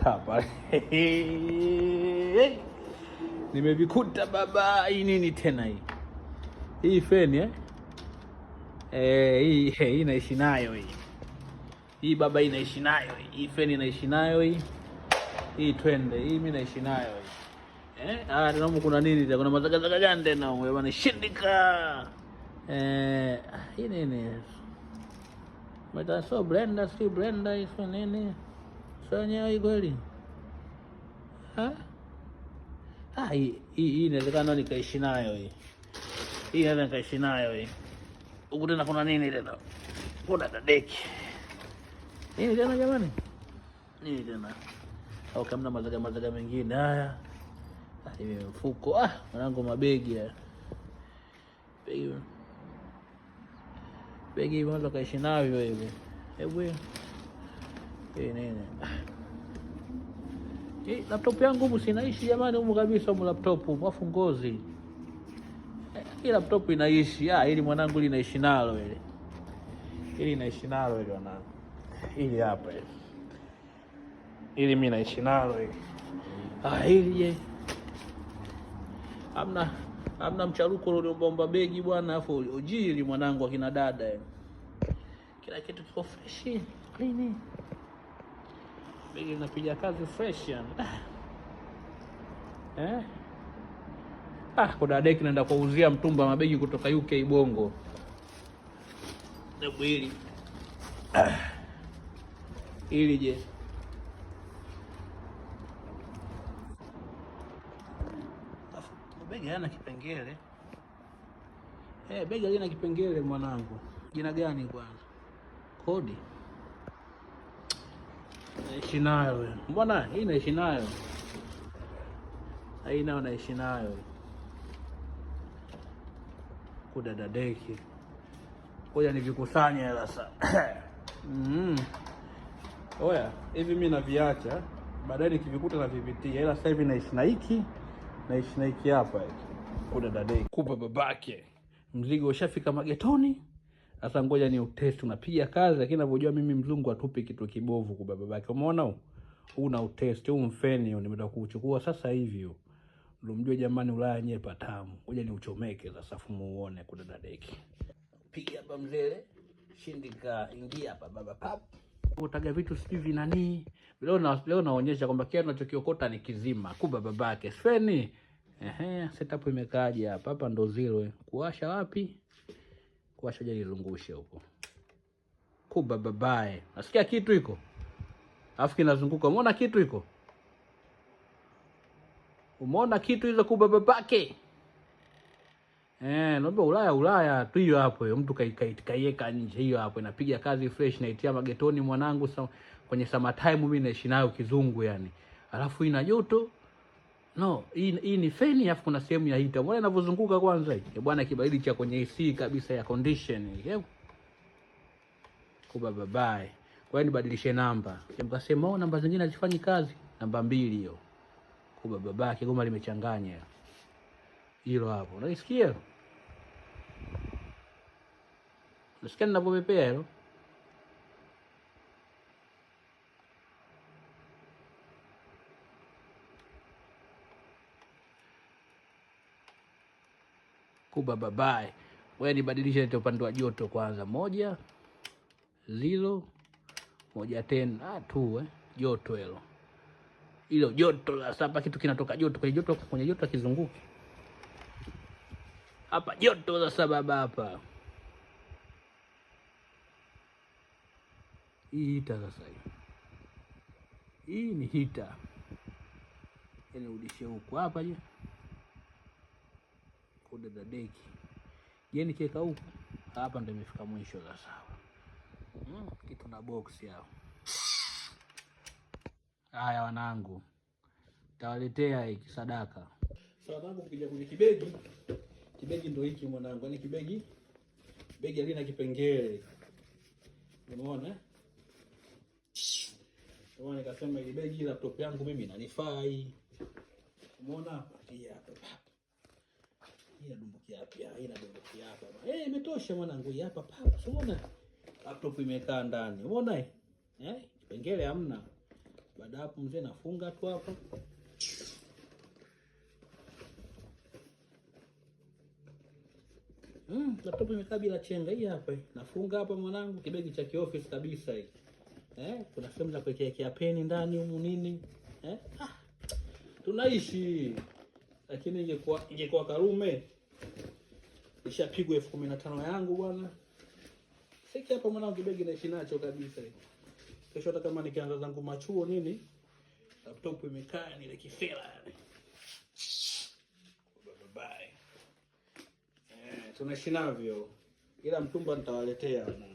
nimevikuta baba. Hii nini tena hii hii feni eh? Eh, hii hii inaishi nayo hii hii baba, inaishi nayo hii feni, inaishi nayo hii hii, twende hii, mimi naishi nayo hii eh. Ah, tena kuna nini tena, kuna mazagazaga gani tena wewe bwana, shindika eh, hii nini mata, so blender si blender hizo nini wenyewe kweli. Ah, hii inawezekana nikaishi nayo hii, hii naweza nikaishi nayo hii. Huku tena kuna nini tena? Kuna dadeki nini tena jamani, nini tena? Au kamna mazaga mazaga mengine haya ah, mfuko ah, mwanangu, mabegi ya begi begi, unaweza kaishi navyo hivi hebu Eh, eh, laptop yangu humu sinaishi jamani, humu kabisa, humu laptop afu ngozi eh, hii laptop inaishi. Ah, ili mwanangu, ili naishi nalo ile, ili naishi nalo ile, mwanangu, ili hapa ile, ili mimi naishi nalo ile. Ah, ili je, amna amna mcharuko uliombaomba begi bwana, afu ujili mwanangu, akina dada, kila kitu kiko fresh clean. Begi linapiga kazi fresh yani. Eh? Ah, kuna deki naenda kuuzia mtumba mabegi kutoka UK Bongo. Hebu hili. Ah. Hili je. Begi hana kipengele. Eh, begi halina kipengele mwanangu. Jina gani bwana? Kodi naishi nayo mbona hii naishi nayo hii nayo naishi nayo kudadadeki koja nivikusanye hela sasa mm. Mm-hmm. Oya, hivi mi naviacha baadaye nikivikuta navipitia, ila sasa hivi naishi na hiki naishi na hiki hapa hiki kudadadeki kupa babake, mzigo ushafika magetoni. Sasa ngoja ni utest, unapiga kazi, lakini ninavyojua mimi mzungu atupi kitu kibovu kwa baba yake. Umeona huu huu na utest huu mfeni huu nimetaka kuchukua sasa hivi huu, ndio mjue jamani, Ulaya yenyewe patamu. Ngoja ni uchomeke sasa, fumu uone kuna dadeki. Piga hapa mzee, shindika, ingia hapa baba pap utaga vitu sivi sijui vinani leo na leo naonyesha kwamba kile tunachokiokota ni kizima kuba babake feni. Ehe, setup imekaja hapa? Hapa ndo zero kuwasha wapi? Washoja nilungushe huko kuba babae, nasikia kitu iko afu kinazunguka. Umeona kitu iko, umeona kitu hizo kuba babake. Eh, naomba Ulaya Ulaya tu hiyo hapo, hiyo mtu kaikaiweka nje hiyo hapo, inapiga kazi fresh, naitia magetoni mwanangu, sa, kwenye summer time mimi naishi nayo kizungu yani, alafu ina joto No, hii ni feni afu kuna sehemu ya hita. Mbona inavyozunguka kwanza hii? Eh, bwana kibaridi cha kwenye AC kabisa ya condition. Eh, Kuba babaye. Kwa hiyo nibadilishe namba. Nikasema oh, namba zingine hazifanyi kazi. Namba mbili hiyo. Kuba babake kigoma limechanganya. Hilo hapo. Unasikia? Unasikia ninavyopepea hilo? Kuba babae, wewe nibadilishe ile upande wa joto kwanza. Moja zilo moja tena ah, tu eh, joto hilo hilo joto la sasa. Kitu kinatoka joto kwenye joto kwenye joto akizunguki hapa joto la sababu hapa hii hita sasa, hii hii ni hita, inarudishe yaani huku hapa je kudadadeki. Je, nikikauka hapa ndo imefika mwisho sasa. Mm, kitu na box yao. Haya wanangu. Tawaletea hiki sadaka. Sababu ukija kwenye kibegi, kibegi ndo hiki mwanangu. Yaani kibegi begi halina kipengele. Umeona? Umeona, nikasema ile begi laptop yangu mimi nanifai Umeona hapa? hapa. Eh, imetosha mwanangu hapa papa. Unaona? Laptop imekaa ndani. Unaona? eh? Eh, kipengele hamna. Baada hapo mzee nafunga tu hapa. Mm, laptop imekaa bila chenga hii hapa. Nafunga hapa mwanangu kibegi cha kiofisi kabisa hii. Eh, kuna sehemu za kuwekea peni ndani humu nini? Eh? Ah, tunaishi. Lakini ingekuwa ingekuwa Karume Ishapigwa elfu kumi na tano yangu bwana. Siki hapa mwanangu, kibegi naishi nacho kabisa. Kesho hata kama nikianza zangu machuo nini, laptop imekaa ile kifela yani. Bye bye. Eh, tunaishi navyo. Ila mtumba nitawaletea.